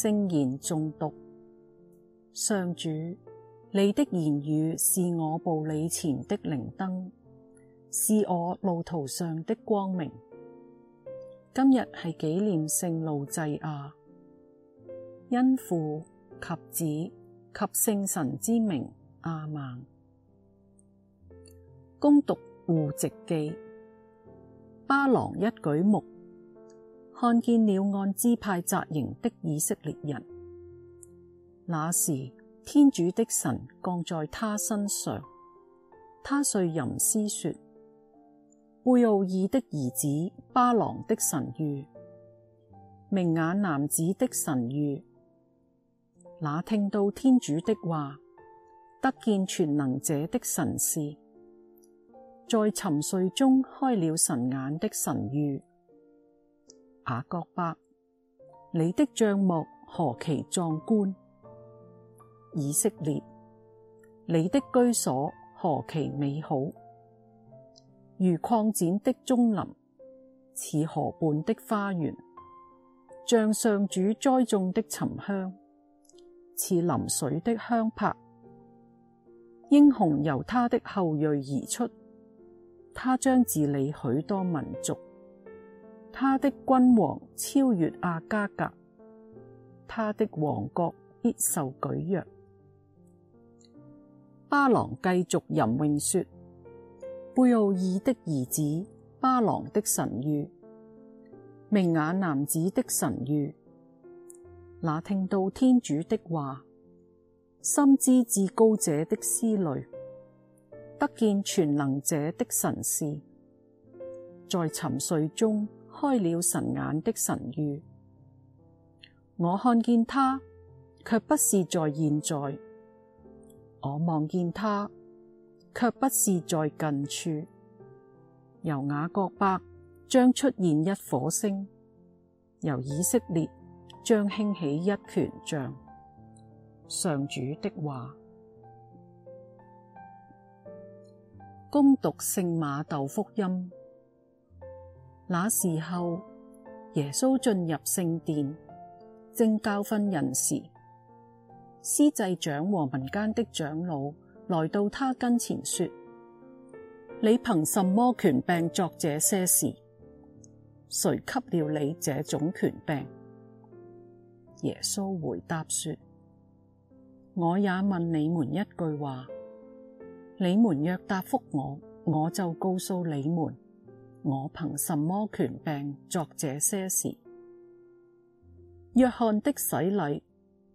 聖言誦讀，上主，你的言語是我步履前的靈燈，是我路途上的光明。今日係紀念聖路濟亞，因父及子及聖神之名，阿孟。恭讀戶籍紀，巴郎一舉目。看見了按支派紮營的以色列人，那時天主的神降在他身上，他遂吟詩說：貝敖爾的兒子巴郎的神諭，明眼男子的神諭，那聽到天主的話，得見全能者的神視，在沉睡中開了神眼的神諭。雅各伯，你的帳幕何其壯觀！以色列，你的居所何其美好，如擴展的棕林，似河畔的花園，像上主栽種的沉香，似臨水的香柏。英雄由他的後裔而出，他將治理許多民族。他的君王超越阿加格，他的王國必受舉揚。巴郎繼續吟詠說：貝敖爾的兒子，巴郎的神諭，明眼男子的神諭，那聽到天主的話，深知至高者的思慮，得見全能者的神視，在沉睡中。開了神眼的神諭，我看見他，卻不是在現在；我望見他，卻不是在近處。由雅各伯將出現一顆星，由以色列將興起一權杖。上主的話，恭讀聖瑪竇福音。那時候，耶穌進入聖殿，正教訓人時，司祭長和民間的長老來到他跟前說：「你憑什麼權柄作這些事？誰給了你這種權柄？」耶穌回答說：「我也問你們一句話，你們若答覆我，我就告訴你們。我憑什麼權柄作這些事？若翰的洗禮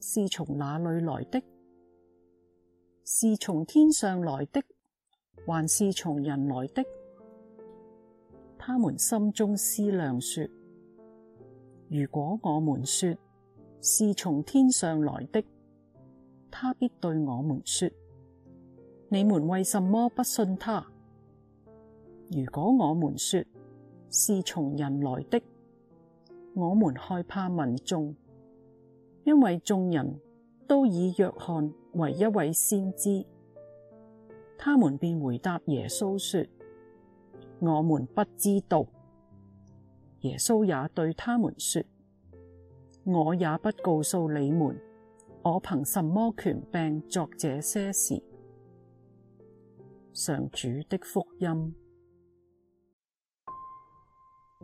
是從哪裏來的？是從天上來的，還是從人來的？他們心中思量說：如果我們說是從天上來的，他必對我們說：你們為什麼不信他？如果我們說是從人來的，我們害怕民眾，因為眾人都以若翰為一位先知，他們便回答耶穌說：我們不知道。耶穌也對他們說：我也不告訴你們，我憑什麼權柄作這些事。上主的福音。